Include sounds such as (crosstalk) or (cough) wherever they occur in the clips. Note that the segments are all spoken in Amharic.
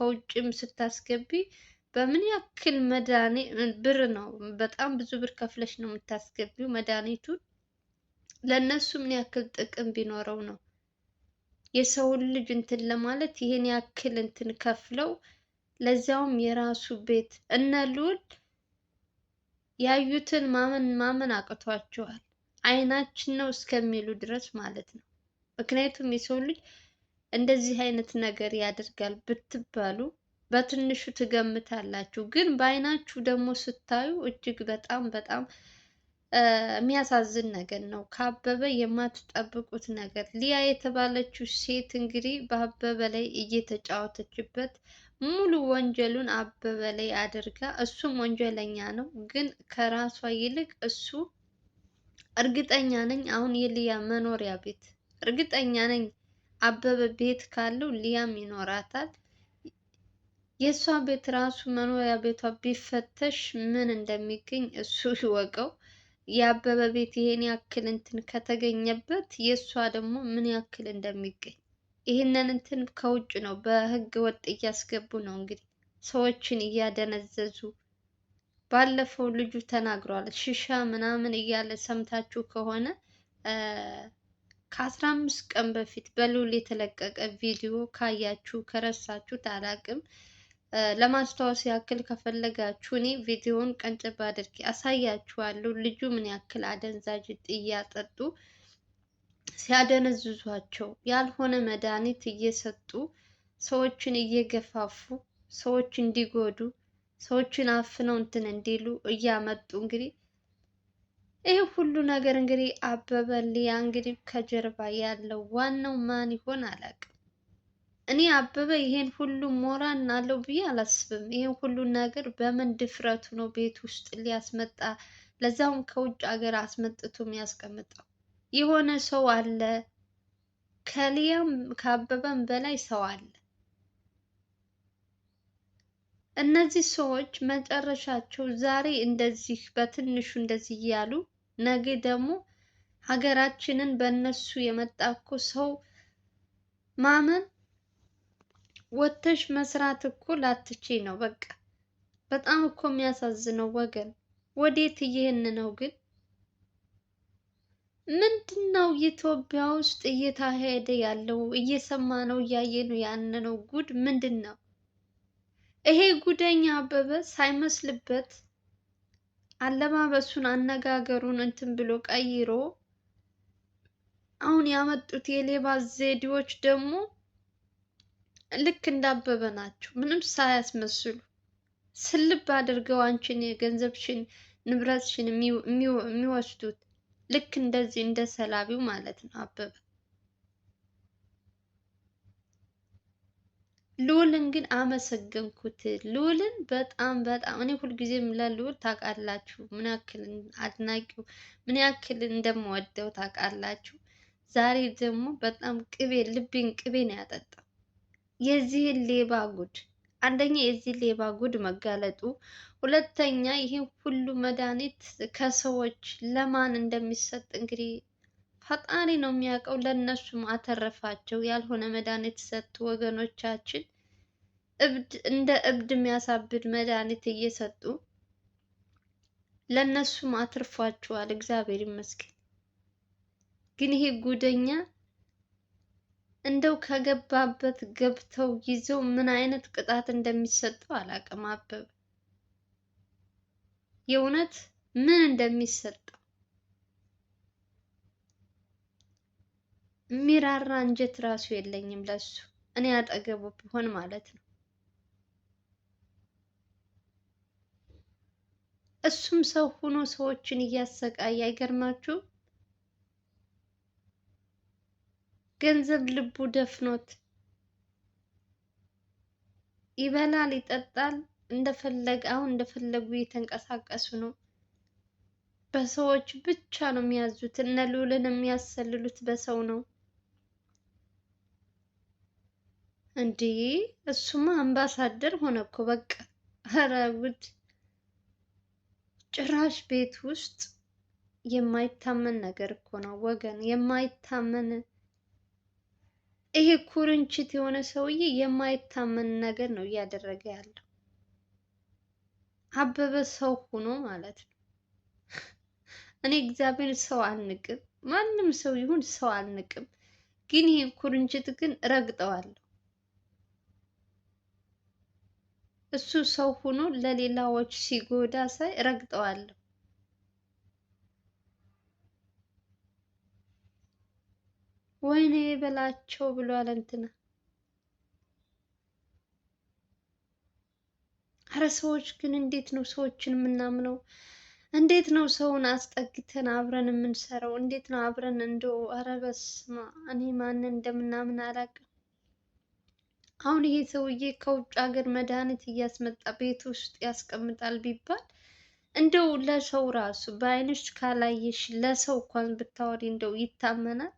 ከውጭም ስታስገቢ በምን ያክል መድኃኒት ብር ነው? በጣም ብዙ ብር ከፍለሽ ነው የምታስገቢው መድኃኒቱን። ለእነሱ ምን ያክል ጥቅም ቢኖረው ነው የሰውን ልጅ እንትን ለማለት ይሄን ያክል እንትን ከፍለው፣ ለዚያውም የራሱ ቤት እነ ልዑል ያዩትን ማመን ማመን አቅቷቸዋል። አይናችን ነው እስከሚሉ ድረስ ማለት ነው። ምክንያቱም የሰው ልጅ እንደዚህ አይነት ነገር ያደርጋል ብትባሉ በትንሹ ትገምታላችሁ፣ ግን በአይናችሁ ደግሞ ስታዩ እጅግ በጣም በጣም የሚያሳዝን ነገር ነው። ከአበበ የማትጠብቁት ነገር። ሊያ የተባለችው ሴት እንግዲህ በአበበ ላይ እየተጫወተችበት ሙሉ ወንጀሉን አበበ ላይ አድርጋ፣ እሱም ወንጀለኛ ነው፣ ግን ከራሷ ይልቅ እሱ እርግጠኛ ነኝ አሁን የሊያ መኖሪያ ቤት እርግጠኛ ነኝ አበበ ቤት ካለው ሊያም ይኖራታል። የእሷ ቤት ራሱ መኖሪያ ቤቷ ቢፈተሽ ምን እንደሚገኝ እሱ ይወቀው። የአበበ ቤት ይሄን ያክል እንትን ከተገኘበት የእሷ ደግሞ ምን ያክል እንደሚገኝ ይህንን እንትን ከውጭ ነው በህገ ወጥ እያስገቡ ነው እንግዲህ ሰዎችን እያደነዘዙ። ባለፈው ልጁ ተናግሯል። ሽሻ ምናምን እያለ ሰምታችሁ ከሆነ ከአስራ አምስት ቀን በፊት በሉል የተለቀቀ ቪዲዮ ካያችሁ ከረሳችሁ አላቅም። ለማስታወስ ያክል ከፈለጋችሁ እኔ ቪዲዮውን ቀንጭብ አድርጌ አሳያችኋለሁ። ልጁ ምን ያክል አደንዛዥ እያጠጡ ሲያደነዝዟቸው፣ ያልሆነ መድኃኒት እየሰጡ ሰዎችን እየገፋፉ ሰዎች እንዲጎዱ ሰዎችን አፍነው እንትን እንዲሉ እያመጡ እንግዲህ ይህ ሁሉ ነገር እንግዲህ አበበ ሊያ እንግዲህ ከጀርባ ያለው ዋናው ማን ይሆን አላውቅም። እኔ አበበ ይሄን ሁሉ ሞራን አለው ብዬ አላስብም። ይሄን ሁሉ ነገር በምን ድፍረቱ ነው ቤት ውስጥ ሊያስመጣ ለዛውም ከውጭ ሀገር አስመጥቶ የሚያስቀምጠው? የሆነ ሰው አለ፣ ከሊያም ከአበበም በላይ ሰው አለ። እነዚህ ሰዎች መጨረሻቸው ዛሬ እንደዚህ በትንሹ እንደዚህ እያሉ ነገ ደግሞ ሀገራችንን በእነሱ የመጣ እኮ ሰው ማመን ወተሽ መስራት እኮ ላትቺ ነው። በቃ በጣም እኮ የሚያሳዝነው ወገን፣ ወዴት እየሄን ነው? ግን ምንድን ነው ኢትዮጵያ ውስጥ እየተካሄደ ያለው? እየሰማ ነው እያየ ነው ጉድ ምንድን ነው ይሄ ጉደኛ አበበ ሳይመስልበት አለባበሱን አነጋገሩን እንትን ብሎ ቀይሮ አሁን ያመጡት የሌባ ዘዴዎች ደግሞ ልክ እንዳበበ ናቸው። ምንም ሳያስመስሉ ስልብ አድርገው አንቺን የገንዘብሽን ንብረትሽን የሚወስዱት ልክ እንደዚህ እንደ ሰላቢው ማለት ነው አበበ። ልዑልን ግን አመሰገንኩት። ልዑልን በጣም በጣም እኔ ሁልጊዜም ለልዑል ታውቃላችሁ ምን ያክል አድናቂው ምን ያክል እንደምወደው ታውቃላችሁ። ዛሬ ደግሞ በጣም ቅቤ ልቤን ቅቤ ነው ያጠጣው። የዚህን ሌባ ጉድ አንደኛ የዚህ ሌባ ጉድ መጋለጡ፣ ሁለተኛ ይሄ ሁሉ መድኃኒት ከሰዎች ለማን እንደሚሰጥ እንግዲህ ፈጣሪ ነው የሚያውቀው። ለእነሱም አተረፋቸው። ያልሆነ መድኃኒት ሰጡ ወገኖቻችን፣ እብድ እንደ እብድ የሚያሳብድ መድኃኒት እየሰጡ ለእነሱም አትርፏቸዋል። እግዚአብሔር ይመስገን። ግን ይሄ ጉደኛ እንደው ከገባበት ገብተው ይዘው ምን አይነት ቅጣት እንደሚሰጠው አላውቅም። አበበ የእውነት ምን እንደሚሰጠው ሚራራ እንጀት ራሱ የለኝም ለሱ እኔ አጠገቡ ቢሆን ማለት ነው። እሱም ሰው ሆኖ ሰዎችን እያሰቃየ አይገርማችሁ። ገንዘብ ልቡ ደፍኖት ይበላል፣ ይጠጣል፣ እንደፈለገ አሁን እንደፈለጉ እየተንቀሳቀሱ ነው። በሰዎች ብቻ ነው የሚያዙት። እነ ልዑልን የሚያሰልሉት በሰው ነው። እንዴ እሱማ አምባሳደር ሆነ እኮ በቃ። ኧረ ጉድ! ጭራሽ ቤት ውስጥ የማይታመን ነገር እኮ ነው ወገን፣ የማይታመን ይሄ ኩርንችት የሆነ ሰውዬ የማይታመን ነገር ነው እያደረገ ያለው። አበበ ሰው ሆኖ ማለት ነው። እኔ እግዚአብሔር ሰው አልንቅም፣ ማንም ሰው ይሁን ሰው አልንቅም። ግን ይሄ ኩርንችት ግን ረግጠዋል። እሱ ሰው ሆኖ ለሌላዎች ሲጎዳ ሳይ ረግጠዋለሁ። ወይኔ በላቸው ብሏል እንትና። አረ ሰዎች ግን እንዴት ነው ሰዎችን የምናምነው? እንዴት ነው ሰውን አስጠግተን አብረን የምንሰራው? እንዴት ነው አብረን እንደው አረ በስመ አብ እኔ ማንን እንደምናምን አላውቅም። አሁን ይሄ ሰውዬ ከውጭ ሀገር መድኃኒት እያስመጣ ቤት ውስጥ ያስቀምጣል ቢባል እንደው ለሰው ራሱ በአይንሽ ካላየሽ ለሰው እንኳን ብታወሪ እንደው ይታመናል።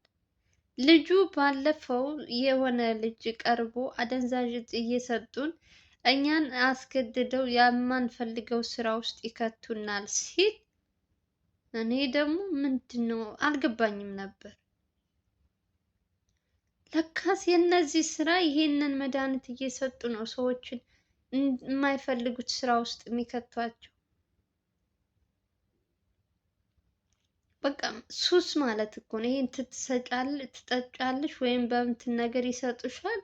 ልጁ ባለፈው የሆነ ልጅ ቀርቦ አደንዛዥ እየሰጡን እኛን አስገድደው የማንፈልገው ስራ ውስጥ ይከቱናል ሲል እኔ ደግሞ ምንድን ነው አልገባኝም ነበር። ለካስ የእነዚህ ስራ ይሄንን መድኃኒት እየሰጡ ነው ሰዎችን የማይፈልጉት ስራ ውስጥ የሚከቷቸው። በቃ ሱስ ማለት እኮ ነው። ይሄን ትሰጫለሽ፣ ትጠጫለሽ ወይም በምትን ነገር ይሰጡሻል።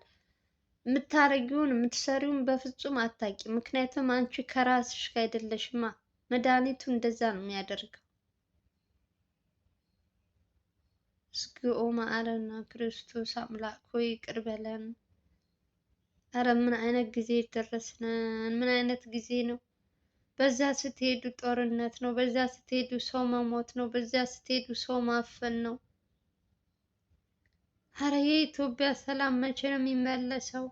የምታረጊውን የምትሰሪውን በፍጹም አታውቂም። ምክንያቱም አንቺ ከራስሽ አይደለሽማ። መድኃኒቱ እንደዛ ነው የሚያደርገው። እግዚኦ መሐረነ ክርስቶስ አምላክ ሆይ ይቅር በለን። አረ ምን አይነት ጊዜ ደረስነን? ምን አይነት ጊዜ ነው? በዛ ስትሄዱ ጦርነት ነው። በዛ ስትሄዱ ሰው መሞት ነው። በዛ ስትሄዱ ሰው ማፈን ነው። አረ የኢትዮጵያ ሰላም መቼ ነው የሚመለሰው?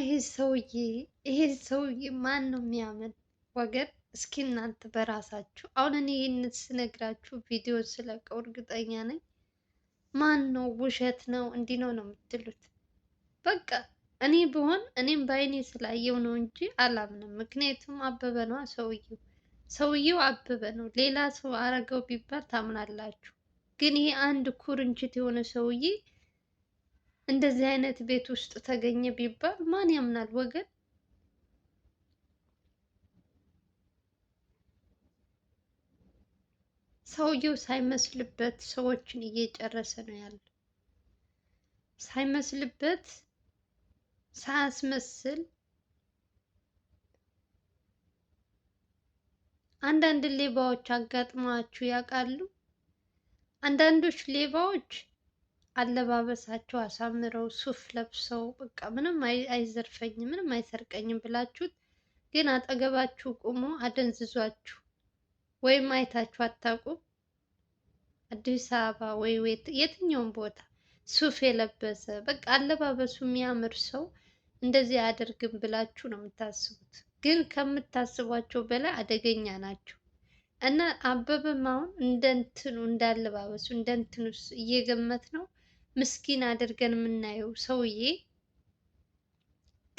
ይሄ ሰውዬ ይሄ ሰውዬ ማን ነው የሚያምን ወገን? እስኪ እናንተ በራሳችሁ አሁን እኔ ይህን ስነግራችሁ ቪዲዮ ስለቀው እርግጠኛ ነኝ ማን ነው ውሸት ነው እንዲህ ነው ነው የምትሉት። በቃ እኔ ብሆን እኔም በአይኔ ስላየው ነው እንጂ አላምንም። ምክንያቱም አበበ ነዋ ሰውየው ሰውየው አበበ ነው። ሌላ ሰው አረገው ቢባል ታምናላችሁ፣ ግን ይሄ አንድ ኩርንችት የሆነ ሰውዬ እንደዚህ አይነት ቤት ውስጥ ተገኘ ቢባል ማን ያምናል ወገን? ሰውየው ሳይመስልበት ሰዎችን እየጨረሰ ነው ያለው። ሳይመስልበት ሳያስመስል አንዳንድ ሌባዎች አጋጥመዋችሁ ያውቃሉ? አንዳንዶች ሌባዎች አለባበሳቸው አሳምረው ሱፍ ለብሰው በቃ ምንም አይዘርፈኝም ምንም አይሰርቀኝም ብላችሁት ግን አጠገባችሁ ቁሞ አደንዝዟችሁ ወይም አይታችሁ አታውቁም። አዲስ አበባ ወይ የትኛውም ቦታ ሱፍ የለበሰ በቃ አለባበሱ የሚያምር ሰው እንደዚህ አያደርግም ብላችሁ ነው የምታስቡት። ግን ከምታስቧቸው በላይ አደገኛ ናቸው። እና አበበም አሁን እንደንትኑ እንዳለባበሱ እንደንትኑ እየገመት ነው ምስኪን አድርገን የምናየው ሰውዬ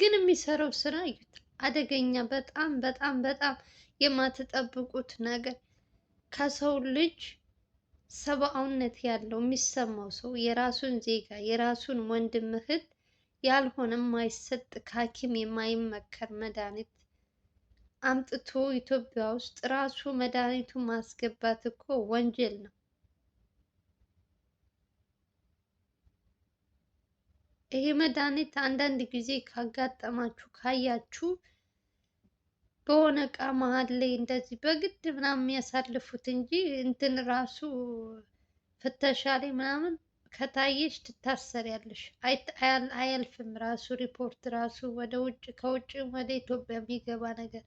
ግን የሚሰራው ስራ እዩት። አደገኛ በጣም በጣም በጣም የማትጠብቁት ነገር ከሰው ልጅ ሰብአውነት ያለው የሚሰማው ሰው የራሱን ዜጋ የራሱን ወንድም እህት ያልሆነ የማይሰጥ ከሐኪም የማይመከር መድኃኒት አምጥቶ ኢትዮጵያ ውስጥ ራሱ መድኃኒቱን ማስገባት እኮ ወንጀል ነው። ይሄ መድኃኒት አንዳንድ ጊዜ ካጋጠማችሁ ካያችሁ በሆነ እቃ መሀል ላይ እንደዚህ በግድ ምናምን የሚያሳልፉት እንጂ እንትን ራሱ ፍተሻ ላይ ምናምን ከታየሽ ትታሰሪያለሽ። አያልፍም ራሱ ሪፖርት ራሱ ወደ ውጭ ከውጭ ወደ ኢትዮጵያ የሚገባ ነገር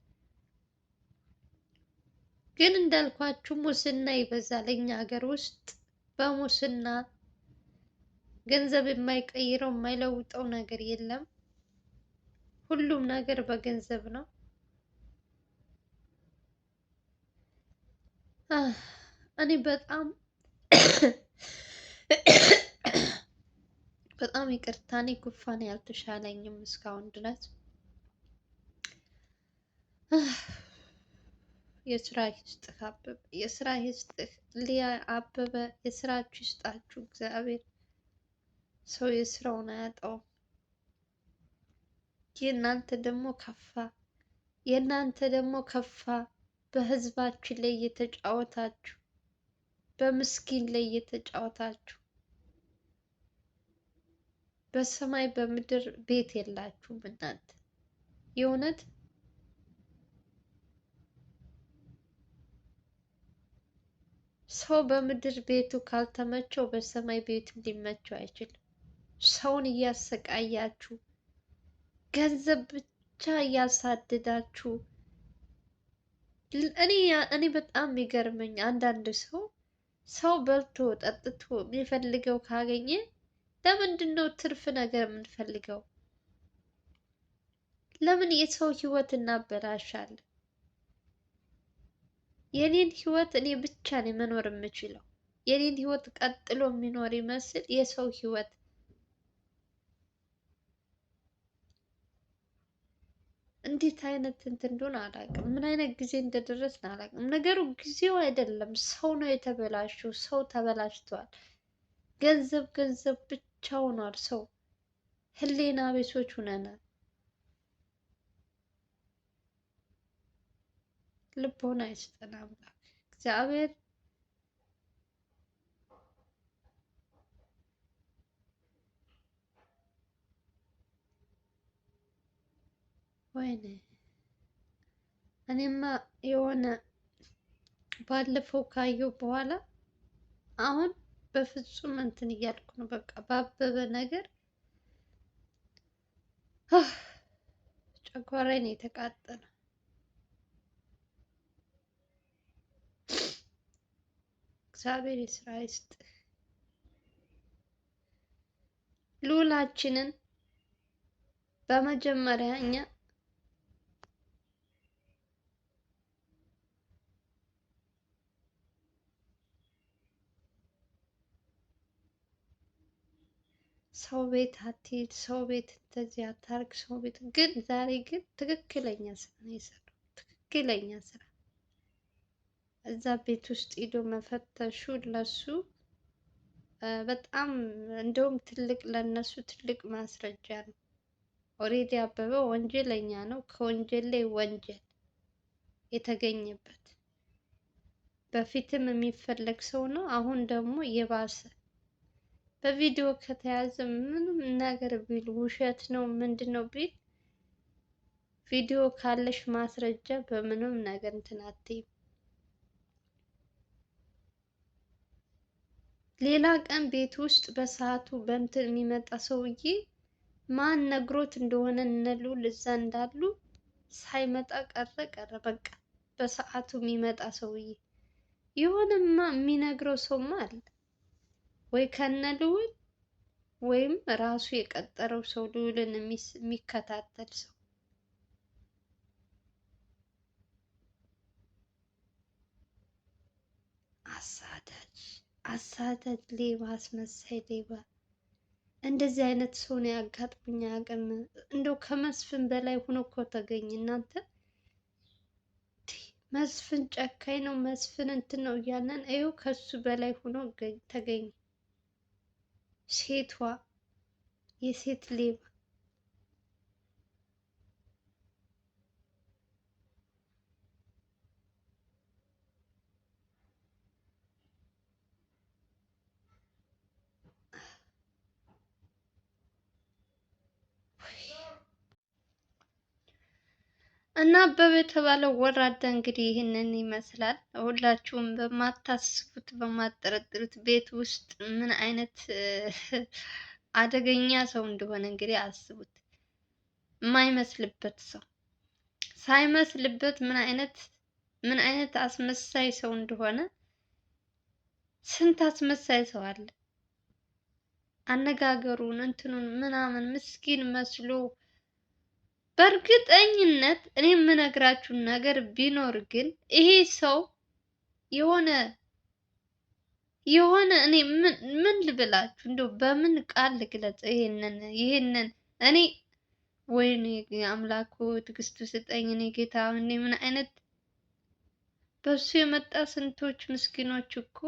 ግን እንዳልኳችሁ ሙስና ይበዛል እኛ ሀገር ውስጥ በሙስና ገንዘብ የማይቀይረው የማይለውጠው ነገር የለም። ሁሉም ነገር በገንዘብ ነው። እኔ በጣም (coughs) በጣም ይቅርታ እኔ ጉንፋን ያልተሻለኝም እስካሁን ድረስ የስራ ይስጥህ አበበ፣ የስራ ይስጥህ ሊያ አበበ፣ የስራችሁ ይስጣችሁ እግዚአብሔር ሰው የስራውን አያጣውም። የእናንተ ደግሞ ከፋ፣ የእናንተ ደግሞ ከፋ። በህዝባችን ላይ እየተጫወታችሁ፣ በምስኪን ላይ እየተጫወታችሁ በሰማይ በምድር ቤት የላችሁም እናንተ የእውነት ሰው በምድር ቤቱ ካልተመቸው በሰማይ ቤቱ ሊመቸው አይችልም። ሰውን እያሰቃያችሁ ገንዘብ ብቻ እያሳደዳችሁ እኔ በጣም የሚገርመኝ አንዳንድ ሰው ሰው በልቶ ጠጥቶ የሚፈልገው ካገኘ ለምንድን ነው ትርፍ ነገር የምንፈልገው? ለምን የሰው ህይወት እናበላሻለን? የኔን ህይወት እኔ ብቻ ነው መኖር የምችለው። የኔን ህይወት ቀጥሎ የሚኖር ይመስል የሰው ህይወት እንዴት አይነት እንትን እንደሆነ አላውቅም። ምን አይነት ጊዜ እንደደረስን አላውቅም። ነገሩ ጊዜው አይደለም፣ ሰው ነው የተበላሸው። ሰው ተበላሽቷል። ገንዘብ ገንዘብ ብቻ ሆኗል። ሰው ሕሊና ቢሶች ሆነናል። ልቦና አይስጠን አምላክ እግዚአብሔር። ወይኔ እኔማ የሆነ ባለፈው ካየው በኋላ አሁን በፍጹም እንትን እያልኩ ነው። በቃ ባበበ ነገር ጨጓራዬ ነው የተቃጠለ። እግዚአብሔር የስራ ይስጥ። ልዑላችንን በመጀመሪያ እኛ ሰው ቤት አትሂድ፣ ሰው ቤት እንደዚህ አታርግ፣ ሰው ቤት ግን ዛሬ ግን ትክክለኛ ስራ ነው የሰራው። ትክክለኛ ስራ እዛ ቤት ውስጥ ሂዶ መፈተሹ ለሱ በጣም እንደውም ትልቅ ለነሱ ትልቅ ማስረጃ ነው። ኦሬዲ አበበ ወንጀለኛ ነው። ከወንጀል ላይ ወንጀል የተገኘበት በፊትም የሚፈለግ ሰው ነው። አሁን ደግሞ የባሰ በቪዲዮ ከተያዘ ምንም ነገር ቢል ውሸት ነው ምንድን ነው ቢል፣ ቪዲዮ ካለሽ ማስረጃ በምንም ነገር እንትን አትይም። ሌላ ቀን ቤት ውስጥ በሰዓቱ በእንትን የሚመጣ ሰውዬ ማን ነግሮት እንደሆነ እነሉ ልዛ እንዳሉ ሳይመጣ ቀረ ቀረ በቃ በሰዓቱ የሚመጣ ሰውዬ የሆነማ የሚነግረው ሰውማ አለ። ወይ ከነ ልውል ወይም ራሱ የቀጠረው ሰው ልዑልን የሚከታተል ሰው አሳዳጅ አሳዳጅ ሌባ አስመሳይ ሌባ እንደዚህ አይነት ሰው ነው ያጋጥሞኝ አያውቅም። እንደው ከመስፍን በላይ ሆኖ እኮ ተገኘ። እናንተ መስፍን ጨካኝ ነው፣ መስፍን እንትን ነው እያለን ይኸው ከሱ በላይ ሆኖ ተገኘ። ሴቷ የሴት ሌባ እና አበበ የተባለው ወራዳ እንግዲህ ይህንን ይመስላል። ሁላችሁም በማታስቡት በማጠረጥሩት ቤት ውስጥ ምን አይነት (laughs) አደገኛ ሰው እንደሆነ እንግዲህ አስቡት። የማይመስልበት ሰው ሳይመስልበት ምን አይነት ምን አይነት አስመሳይ ሰው እንደሆነ ስንት አስመሳይ ሰው አለ። አነጋገሩን እንትኑን ምናምን ምስኪን መስሎ በእርግጠኝነት እኔ የምነግራችሁን ነገር ቢኖር ግን ይሄ ሰው የሆነ የሆነ እኔ ምን ልብላችሁ እንደው በምን ቃል ልግለጽ? ይሄንን ይሄንን እኔ ወይኔ አምላኩ ትዕግስቱ ስጠኝ። እኔ ጌታ እኔ ምን አይነት በሱ የመጣ ስንቶች ምስኪኖች እኮ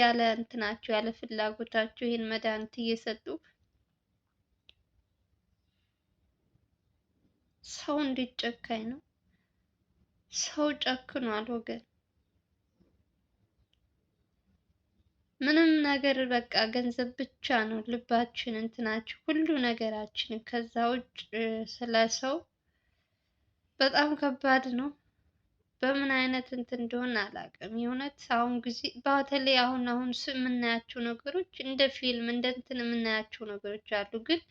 ያለ እንትናቸው ያለ ፍላጎታቸው ይህን መድኃኒት እየሰጡ ሰው እንዴት ጨካኝ ነው! ሰው ጨክኗል ወገን። ምንም ነገር በቃ ገንዘብ ብቻ ነው ልባችን እንትናችን ሁሉ ነገራችን። ከዛ ውጭ ስለ ሰው በጣም ከባድ ነው። በምን አይነት እንትን እንደሆነ አላውቅም። የእውነት አሁን ጊዜ በተለይ አሁን አሁን የምናያቸው ነገሮች እንደ ፊልም እንደ እንትን የምናያቸው ነገሮች አሉ ግን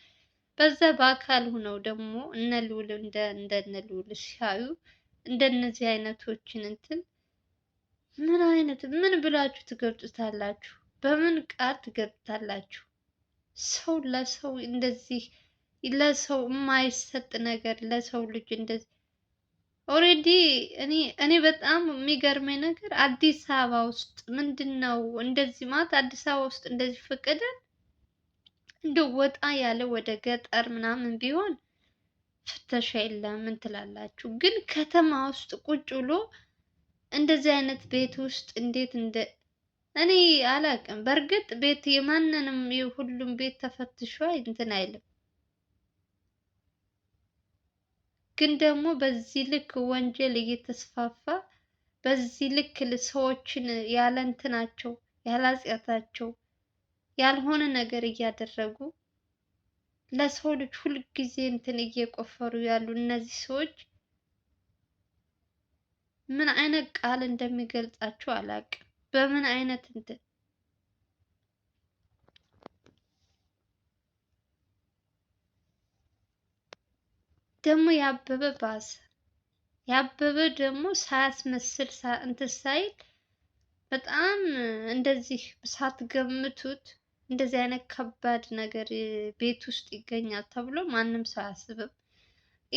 በዛ በአካል ሆነው ደግሞ እነ ልዑል እነ ልዑል ሲያዩ እንደነዚህ አይነቶችን እንትን ምን አይነት ምን ብላችሁ ትገልጹታላችሁ? በምን ቃል ትገልጹታላችሁ? ሰው ለሰው እንደዚህ ለሰው የማይሰጥ ነገር ለሰው ልጅ እንደዚህ ኦሬዲ እኔ እኔ በጣም የሚገርመኝ ነገር አዲስ አበባ ውስጥ ምንድን ነው እንደዚህ ማለት አዲስ አበባ ውስጥ እንደዚህ ፈቅደን እንደ ወጣ ያለ ወደ ገጠር ምናምን ቢሆን ፍተሻ የለም ምን ትላላችሁ? ግን ከተማ ውስጥ ቁጭ ብሎ እንደዚህ አይነት ቤት ውስጥ እንዴት እንደ እኔ አላውቅም። በእርግጥ ቤት የማንንም የሁሉም ቤት ተፈትሾ እንትን አይልም። ግን ደግሞ በዚህ ልክ ወንጀል እየተስፋፋ በዚህ ልክ ሰዎችን ያለ እንትናቸው ያለ አጽያታቸው ያልሆነ ነገር እያደረጉ ለሰው ልጅ ሁልጊዜ እንትን እየቆፈሩ ያሉ እነዚህ ሰዎች ምን አይነት ቃል እንደሚገልጻቸው አላውቅም። በምን አይነት እንትን ደግሞ ያበበ ባሰ። ያበበ ደግሞ ሳያስመስል እንትን ሳይል በጣም እንደዚህ ሳትገምቱት እንደዚህ አይነት ከባድ ነገር ቤት ውስጥ ይገኛል ተብሎ ማንም ሰው አያስብም።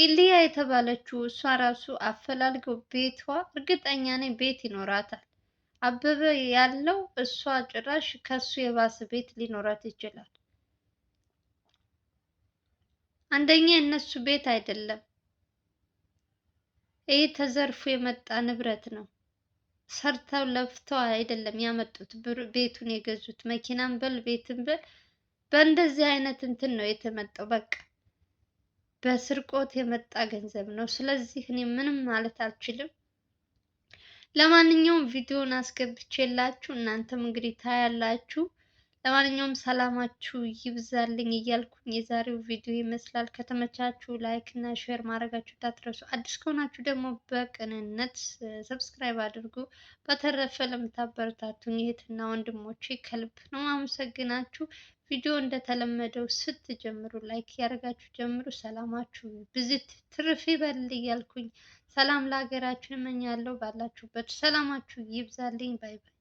ኢሊያ የተባለችው እሷ ራሱ አፈላልገው ቤቷ እርግጠኛ ነኝ ቤት ይኖራታል። አበበ ያለው እሷ ጭራሽ ከሱ የባሰ ቤት ሊኖራት ይችላል። አንደኛ የእነሱ ቤት አይደለም፣ ይህ ተዘርፎ የመጣ ንብረት ነው። ሰርተው ለፍተው አይደለም ያመጡት ቤቱን የገዙት መኪናም በል ቤትም በል በእንደዚህ አይነት እንትን ነው የተመጣው። በቃ በስርቆት የመጣ ገንዘብ ነው። ስለዚህ እኔ ምንም ማለት አልችልም። ለማንኛውም ቪዲዮን አስገብቼላችሁ እናንተም እንግዲህ ታያላችሁ። ለማንኛውም ሰላማችሁ ይብዛልኝ እያልኩኝ የዛሬው ቪዲዮ ይመስላል። ከተመቻችሁ ላይክ እና ሼር ማድረጋችሁ እንዳትረሱ። አዲስ ከሆናችሁ ደግሞ በቅንነት ሰብስክራይብ አድርጉ። በተረፈ ለምታበረታቱኝ እህትና ወንድሞቼ ከልብ ነው አመሰግናችሁ። ቪዲዮ እንደተለመደው ስትጀምሩ ላይክ ያደርጋችሁ ጀምሩ። ሰላማችሁ ብዝት ትርፍ ይበል እያልኩኝ ሰላም ለሀገራችን እመኛለሁ። ባላችሁበት ሰላማችሁ ይብዛልኝ። ባይ ባይ።